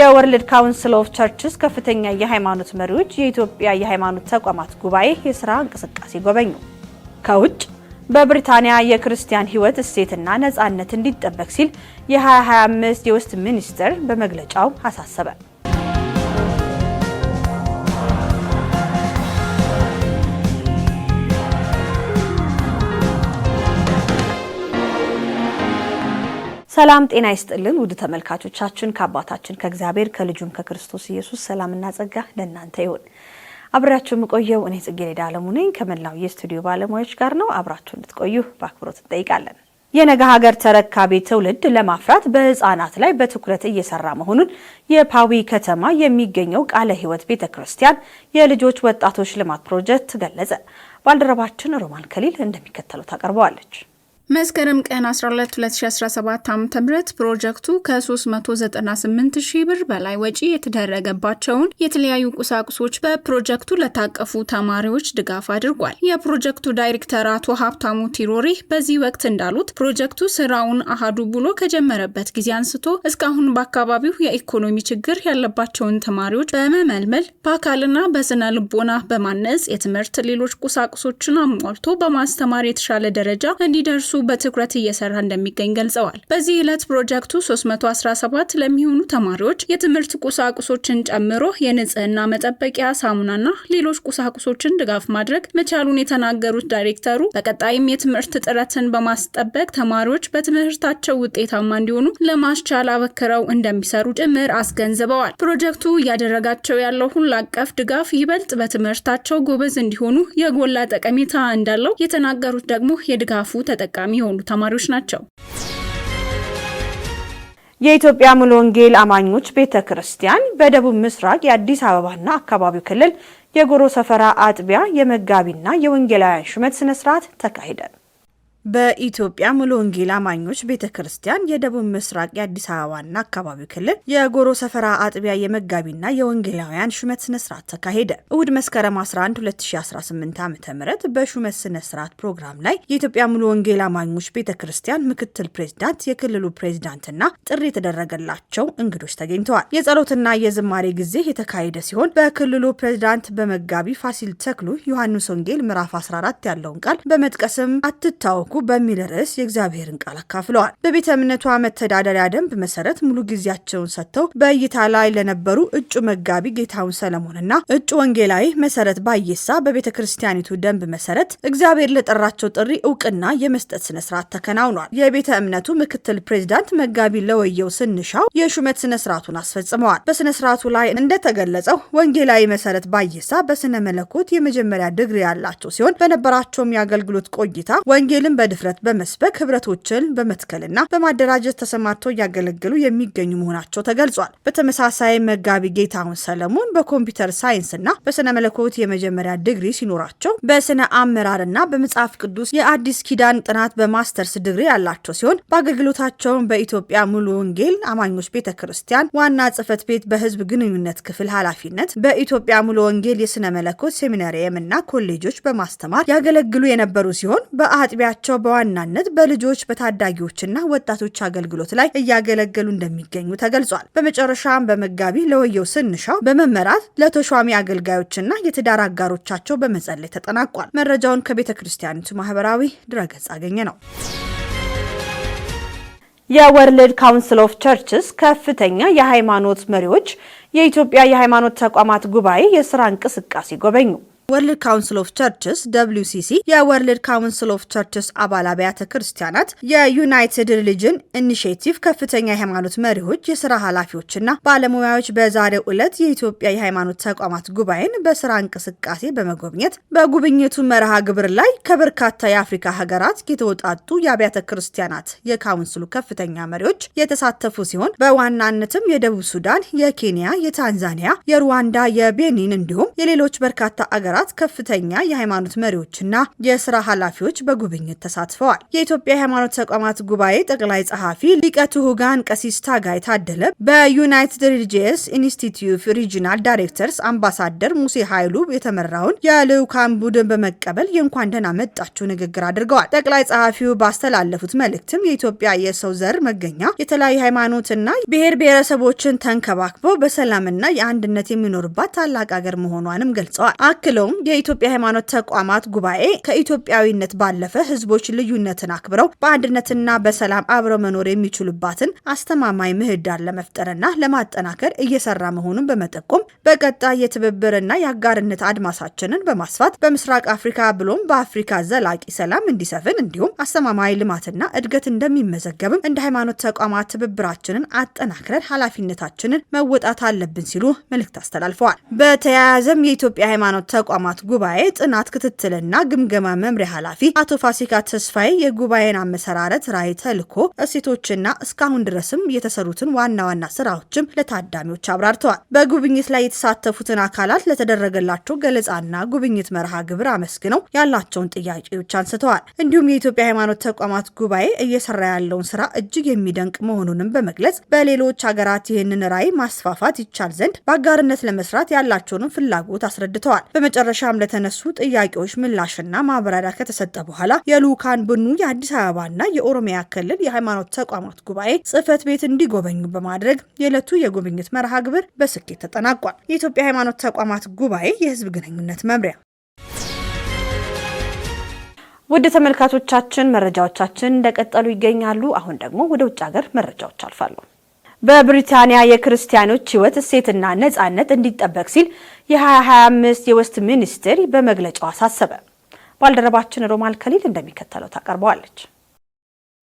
የወርልድ ካውንስል ኦፍ ቸርችስ ከፍተኛ የሃይማኖት መሪዎች የኢትዮጵያ የሃይማኖት ተቋማት ጉባኤ የስራ እንቅስቃሴ ጎበኙ። ከውጭ በብሪታንያ የክርስቲያን ሕይወት እሴትና ነጻነት እንዲጠበቅ ሲል የ2025 የውስጥ ሚኒስትር በመግለጫው አሳሰበ። ሰላም ጤና ይስጥልን ውድ ተመልካቾቻችን፣ ከአባታችን ከእግዚአብሔር ከልጁም ከክርስቶስ ኢየሱስ ሰላምና ጸጋ ለእናንተ ይሁን። አብሬያችሁ የምቆየው እኔ ጽጌረዳ አለሙ ነኝ ከመላው የስቱዲዮ ባለሙያዎች ጋር ነው። አብራችሁ እንድትቆዩ በአክብሮት እንጠይቃለን። የነገ ሀገር ተረካቢ ትውልድ ለማፍራት በህፃናት ላይ በትኩረት እየሰራ መሆኑን የፓዊ ከተማ የሚገኘው ቃለ ህይወት ቤተ ክርስቲያን የልጆች ወጣቶች ልማት ፕሮጀክት ገለጸ። ባልደረባችን ሮማን ከሊል እንደሚከተለው ታቀርበዋለች። መስከረም ቀን 12 2017 ዓ.ም ፕሮጀክቱ ከ398 ሺህ ብር በላይ ወጪ የተደረገባቸውን የተለያዩ ቁሳቁሶች በፕሮጀክቱ ለታቀፉ ተማሪዎች ድጋፍ አድርጓል። የፕሮጀክቱ ዳይሬክተር አቶ ሀብታሙ ቲሮሪ በዚህ ወቅት እንዳሉት ፕሮጀክቱ ስራውን አሃዱ ብሎ ከጀመረበት ጊዜ አንስቶ እስካሁን በአካባቢው የኢኮኖሚ ችግር ያለባቸውን ተማሪዎች በመመልመል በአካልና በስነ ልቦና በማነጽ የትምህርት ሌሎች ቁሳቁሶችን አሟልቶ በማስተማር የተሻለ ደረጃ እንዲደርሱ በትኩረት እየሰራ እንደሚገኝ ገልጸዋል። በዚህ ዕለት ፕሮጀክቱ 317 ለሚሆኑ ተማሪዎች የትምህርት ቁሳቁሶችን ጨምሮ የንጽህና መጠበቂያ ሳሙናና ሌሎች ቁሳቁሶችን ድጋፍ ማድረግ መቻሉን የተናገሩት ዳይሬክተሩ በቀጣይም የትምህርት ጥረትን በማስጠበቅ ተማሪዎች በትምህርታቸው ውጤታማ እንዲሆኑ ለማስቻል አበክረው እንደሚሰሩ ጭምር አስገንዝበዋል። ፕሮጀክቱ እያደረጋቸው ያለው ሁሉ አቀፍ ድጋፍ ይበልጥ በትምህርታቸው ጎበዝ እንዲሆኑ የጎላ ጠቀሜታ እንዳለው የተናገሩት ደግሞ የድጋፉ ተጠቃሚ ተጠቃሚ የሆኑ ተማሪዎች ናቸው። የኢትዮጵያ ሙሉ ወንጌል አማኞች ቤተ ክርስቲያን በደቡብ ምስራቅ የአዲስ አበባና አካባቢው ክልል የጎሮ ሰፈራ አጥቢያ የመጋቢና የወንጌላውያን ሹመት ስነስርዓት ተካሂደ በኢትዮጵያ ሙሉ ወንጌል አማኞች ቤተ ክርስቲያን የደቡብ ምስራቅ የአዲስ አበባና አካባቢው ክልል የጎሮ ሰፈራ አጥቢያ የመጋቢና የወንጌላውያን ሹመት ስነስርዓት ተካሄደ። እሁድ መስከረም 11 2018 ዓ ም በሹመት ስነስርዓት ፕሮግራም ላይ የኢትዮጵያ ሙሉ ወንጌል አማኞች ቤተ ክርስቲያን ምክትል ፕሬዚዳንት፣ የክልሉ ፕሬዚዳንትና ጥሪ የተደረገላቸው እንግዶች ተገኝተዋል። የጸሎትና የዝማሬ ጊዜ የተካሄደ ሲሆን በክልሉ ፕሬዚዳንት በመጋቢ ፋሲል ተክሉ ዮሐንስ ወንጌል ምዕራፍ 14 ያለውን ቃል በመጥቀስም አትታወ ያደረጉ በሚል ርዕስ የእግዚአብሔርን ቃል አካፍለዋል። በቤተ እምነቷ መተዳደሪያ ደንብ መሰረት ሙሉ ጊዜያቸውን ሰጥተው በእይታ ላይ ለነበሩ እጩ መጋቢ ጌታውን ሰለሞንና እጩ ወንጌላዊ መሰረት ባየሳ በቤተ ክርስቲያኒቱ ደንብ መሰረት እግዚአብሔር ለጠራቸው ጥሪ እውቅና የመስጠት ስነ ተከናውኗል። የቤተ እምነቱ ምክትል ፕሬዚዳንት መጋቢ ለወየው ስንሻው የሹመት ስነ አስፈጽመዋል። በስነ ላይ እንደተገለጸው ወንጌላዊ መሰረት ባየሳ በስነ መለኮት የመጀመሪያ ድግሪ ያላቸው ሲሆን በነበራቸውም የአገልግሎት ቆይታ ወንጌልን በድፍረት በመስበክ ህብረቶችን በመትከልና በማደራጀት ተሰማርቶ እያገለገሉ የሚገኙ መሆናቸው ተገልጿል። በተመሳሳይ መጋቢ ጌታሁን ሰለሞን በኮምፒውተር ሳይንስና በስነ መለኮት የመጀመሪያ ዲግሪ ሲኖራቸው በስነ አመራርና በመጽሐፍ ቅዱስ የአዲስ ኪዳን ጥናት በማስተርስ ዲግሪ ያላቸው ሲሆን በአገልግሎታቸውን በኢትዮጵያ ሙሉ ወንጌል አማኞች ቤተ ክርስቲያን ዋና ጽህፈት ቤት በህዝብ ግንኙነት ክፍል ኃላፊነት በኢትዮጵያ ሙሉ ወንጌል የስነ መለኮት ሴሚናሪየም እና ኮሌጆች በማስተማር ያገለግሉ የነበሩ ሲሆን በአጥቢያቸው ስራቸው በዋናነት በልጆች በታዳጊዎችና ወጣቶች አገልግሎት ላይ እያገለገሉ እንደሚገኙ ተገልጿል። በመጨረሻም በመጋቢ ለወየው ስንሻው በመመራት ለተሿሚ አገልጋዮችና የትዳር አጋሮቻቸው በመጸለይ ተጠናቋል። መረጃውን ከቤተ ክርስቲያኒቱ ማህበራዊ ድረገጽ አገኘ ነው። የወርልድ ካውንስል ኦፍ ቸርችስ ከፍተኛ የሃይማኖት መሪዎች የኢትዮጵያ የሃይማኖት ተቋማት ጉባኤ የስራ እንቅስቃሴ ጎበኙ። ወርልድ ካውንስል ኦፍ ቸርችስ ደብሊው ሲሲ የወርልድ ካውንስል ኦፍ ቸርችስ አባል አብያተ ክርስቲያናት የዩናይትድ ሪሊጅን ኢኒሽቲቭ ከፍተኛ የሃይማኖት መሪዎች፣ የስራ ኃላፊዎችና ባለሙያዎች በዛሬው ዕለት የኢትዮጵያ የሃይማኖት ተቋማት ጉባኤን በስራ እንቅስቃሴ በመጎብኘት በጉብኝቱ መርሃ ግብር ላይ ከበርካታ የአፍሪካ ሀገራት የተወጣጡ የአብያተ ክርስቲያናት የካውንስሉ ከፍተኛ መሪዎች የተሳተፉ ሲሆን በዋናነትም የደቡብ ሱዳን፣ የኬንያ፣ የታንዛኒያ፣ የሩዋንዳ፣ የቤኒን እንዲሁም የሌሎች በርካታ አገራት ሀገራት ከፍተኛ የሃይማኖት መሪዎችና የስራ ኃላፊዎች በጉብኝት ተሳትፈዋል። የኢትዮጵያ የሃይማኖት ተቋማት ጉባኤ ጠቅላይ ጸሐፊ ሊቀ ትሁጋን ቀሲስ ታጋይ ታደለ በዩናይትድ ሪሊጂየስ ኢንስቲትዩት ሪጂናል ዳይሬክተርስ አምባሳደር ሙሴ ኃይሉ የተመራውን የልዑካን ቡድን በመቀበል የእንኳን ደህና መጣችሁ ንግግር አድርገዋል። ጠቅላይ ጸሐፊው ባስተላለፉት መልእክትም የኢትዮጵያ የሰው ዘር መገኛ የተለያዩ ሃይማኖትና ብሔር ብሔረሰቦችን ተንከባክበው በሰላምና የአንድነት የሚኖርባት ታላቅ ሀገር መሆኗንም ገልጸዋል። አክለውም እንዲሁም የኢትዮጵያ ሃይማኖት ተቋማት ጉባኤ ከኢትዮጵያዊነት ባለፈ ህዝቦች ልዩነትን አክብረው በአንድነትና በሰላም አብረው መኖር የሚችሉባትን አስተማማኝ ምህዳር ለመፍጠርና ለማጠናከር እየሰራ መሆኑን በመጠቆም በቀጣይ የትብብርና የአጋርነት አድማሳችንን በማስፋት በምስራቅ አፍሪካ ብሎም በአፍሪካ ዘላቂ ሰላም እንዲሰፍን እንዲሁም አስተማማኝ ልማትና እድገት እንደሚመዘገብም እንደ ሃይማኖት ተቋማት ትብብራችንን አጠናክረን ኃላፊነታችንን መወጣት አለብን ሲሉ መልእክት አስተላልፈዋል። በተያያዘም የኢትዮጵያ ሃይማኖት ተቋማት ተቋማት ጉባኤ ጥናት ክትትልና ግምገማ መምሪያ ኃላፊ አቶ ፋሲካ ተስፋዬ የጉባኤን አመሰራረት፣ ራዕይ፣ ተልዕኮ፣ እሴቶችና እስካሁን ድረስም የተሰሩትን ዋና ዋና ስራዎችም ለታዳሚዎች አብራርተዋል። በጉብኝት ላይ የተሳተፉትን አካላት ለተደረገላቸው ገለጻና ጉብኝት መርሃ ግብር አመስግነው ያላቸውን ጥያቄዎች አንስተዋል። እንዲሁም የኢትዮጵያ ሃይማኖት ተቋማት ጉባኤ እየሰራ ያለውን ስራ እጅግ የሚደንቅ መሆኑንም በመግለጽ በሌሎች ሀገራት ይህንን ራዕይ ማስፋፋት ይቻል ዘንድ በአጋርነት ለመስራት ያላቸውንም ፍላጎት አስረድተዋል። በመጨረሻም ለተነሱ ጥያቄዎች ምላሽና ማብራሪያ ከተሰጠ በኋላ የልዑካን ቡድኑ የአዲስ አበባና የኦሮሚያ ክልል የሃይማኖት ተቋማት ጉባኤ ጽህፈት ቤት እንዲጎበኙ በማድረግ የዕለቱ የጉብኝት መርሃ ግብር በስኬት ተጠናቋል። የኢትዮጵያ ሃይማኖት ተቋማት ጉባኤ የህዝብ ግንኙነት መምሪያ። ውድ ተመልካቾቻችን መረጃዎቻችን እንደቀጠሉ ይገኛሉ። አሁን ደግሞ ወደ ውጭ ሀገር መረጃዎች አልፋለሁ። በብሪታንያ የክርስቲያኖች ህይወት እሴትና ነጻነት እንዲጠበቅ ሲል የ2025 የውስጥ ሚኒስቴር በመግለጫው አሳሰበ። ባልደረባችን ሮማል ከሊል እንደሚከተለው ታቀርበዋለች።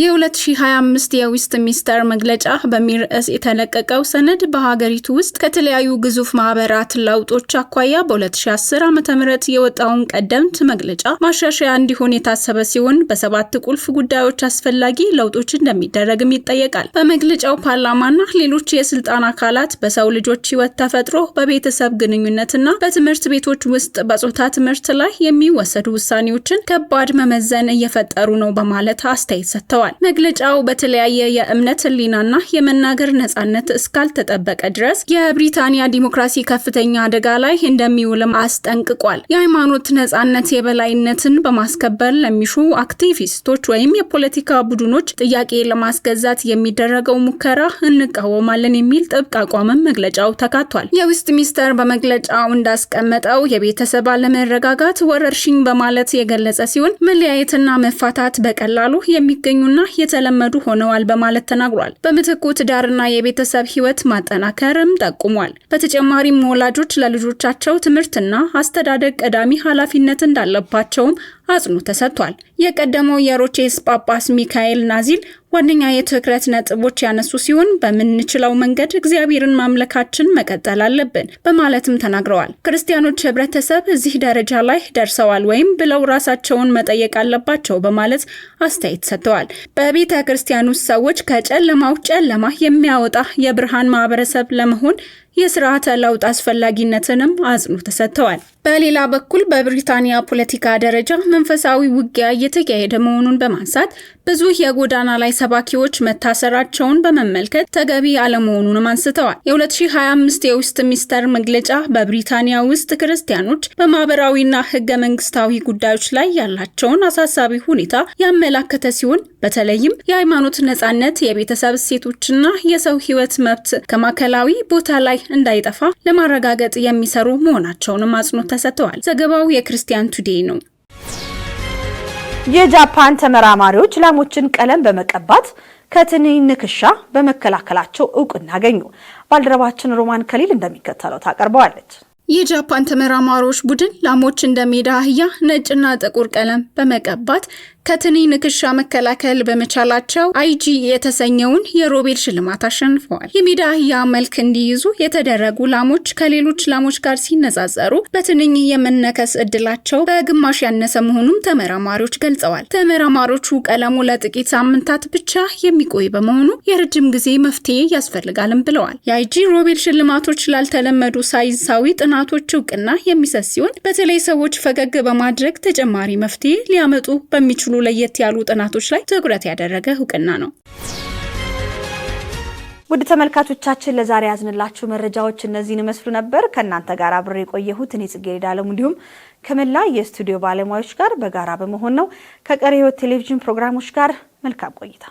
የ2025 የዌስት ሚኒስተር መግለጫ በሚል ርዕስ የተለቀቀው ሰነድ በሀገሪቱ ውስጥ ከተለያዩ ግዙፍ ማህበራት ለውጦች አኳያ በ2010 ም የወጣውን ቀደምት መግለጫ ማሻሻያ እንዲሆን የታሰበ ሲሆን በሰባት ቁልፍ ጉዳዮች አስፈላጊ ለውጦች እንደሚደረግም ይጠየቃል። በመግለጫው ፓርላማና ሌሎች የስልጣን አካላት በሰው ልጆች ህይወት ተፈጥሮ፣ በቤተሰብ ግንኙነትና በትምህርት ቤቶች ውስጥ በጾታ ትምህርት ላይ የሚወሰዱ ውሳኔዎችን ከባድ መመዘን እየፈጠሩ ነው በማለት አስተያየት ሰጥተዋል። ገልጸዋል። መግለጫው በተለያየ የእምነት ህሊናና የመናገር ነጻነት እስካልተጠበቀ ድረስ የብሪታንያ ዲሞክራሲ ከፍተኛ አደጋ ላይ እንደሚውልም አስጠንቅቋል። የሃይማኖት ነጻነት የበላይነትን በማስከበር ለሚሹ አክቲቪስቶች ወይም የፖለቲካ ቡድኖች ጥያቄ ለማስገዛት የሚደረገው ሙከራ እንቃወማለን የሚል ጥብቅ አቋምም መግለጫው ተካቷል። ሚኒስተር በመግለጫው እንዳስቀመጠው የቤተሰብ አለመረጋጋት ወረርሽኝ በማለት የገለጸ ሲሆን መለያየትና መፋታት በቀላሉ የሚገኙ ውስብስብና የተለመዱ ሆነዋል በማለት ተናግሯል። በምትኩ ትዳርና የቤተሰብ ህይወት ማጠናከርም ጠቁሟል። በተጨማሪም ወላጆች ለልጆቻቸው ትምህርትና አስተዳደግ ቀዳሚ ኃላፊነት እንዳለባቸውም አጽንኦት ተሰጥቷል። የቀደመው የሮቼስ ጳጳስ ሚካኤል ናዚል ዋነኛ የትኩረት ነጥቦች ያነሱ ሲሆን በምንችለው መንገድ እግዚአብሔርን ማምለካችን መቀጠል አለብን በማለትም ተናግረዋል። ክርስቲያኖች ህብረተሰብ እዚህ ደረጃ ላይ ደርሰዋል ወይም ብለው ራሳቸውን መጠየቅ አለባቸው በማለት አስተያየት ሰጥተዋል። በቤተ ክርስቲያን ውስጥ ሰዎች ከጨለማው ጨለማ የሚያወጣ የብርሃን ማህበረሰብ ለመሆን የስርዓተ ለውጥ አስፈላጊነትንም አጽንኦት ተሰጥተዋል። በሌላ በኩል በብሪታንያ ፖለቲካ ደረጃ መንፈሳዊ ውጊያ እየተካሄደ መሆኑን በማንሳት ብዙ የጎዳና ላይ ሰባኪዎች መታሰራቸውን በመመልከት ተገቢ አለመሆኑንም አንስተዋል። የ2025 የውስጥ ሚኒስተር መግለጫ በብሪታንያ ውስጥ ክርስቲያኖች በማህበራዊና ህገ መንግስታዊ ጉዳዮች ላይ ያላቸውን አሳሳቢ ሁኔታ ያመላከተ ሲሆን በተለይም የሃይማኖት ነጻነት፣ የቤተሰብ እሴቶችና የሰው ህይወት መብት ከማዕከላዊ ቦታ ላይ እንዳይጠፋ ለማረጋገጥ የሚሰሩ መሆናቸውንም አጽንኦት ተሰጥተዋል። ዘገባው የክርስቲያን ቱዴይ ነው። የጃፓን ተመራማሪዎች ላሞችን ቀለም በመቀባት ከትንኝ ንክሻ በመከላከላቸው እውቅና አገኙ። ባልደረባችን ሮማን ከሊል እንደሚከተለው ታቀርበዋለች። የጃፓን ተመራማሪዎች ቡድን ላሞች እንደ ሜዳ አህያ ነጭና ጥቁር ቀለም በመቀባት ከትንኝ ንክሻ መከላከል በመቻላቸው አይጂ የተሰኘውን የሮቤል ሽልማት አሸንፈዋል። የሜዳ አህያ መልክ እንዲይዙ የተደረጉ ላሞች ከሌሎች ላሞች ጋር ሲነጻጸሩ በትንኝ የመነከስ እድላቸው በግማሽ ያነሰ መሆኑም ተመራማሪዎች ገልጸዋል። ተመራማሪዎቹ ቀለሙ ለጥቂት ሳምንታት ብቻ የሚቆይ በመሆኑ የረጅም ጊዜ መፍትሄ ያስፈልጋልም ብለዋል። የአይጂ ሮቤል ሽልማቶች ላልተለመዱ ሳይንሳዊ ጥናቶች እውቅና የሚሰጥ ሲሆን በተለይ ሰዎች ፈገግ በማድረግ ተጨማሪ መፍትሄ ሊያመጡ በሚችሉ ለየት ያሉ ጥናቶች ላይ ትኩረት ያደረገ እውቅና ነው። ውድ ተመልካቾቻችን ለዛሬ ያዝንላችሁ መረጃዎች እነዚህን ይመስሉ ነበር። ከእናንተ ጋር አብሬ የቆየሁት እኔ ጽጌረዳ አለሙ እንዲሁም ከመላ የስቱዲዮ ባለሙያዎች ጋር በጋራ በመሆን ነው። ከቀሪ ቴሌቪዥን ፕሮግራሞች ጋር መልካም ቆይታ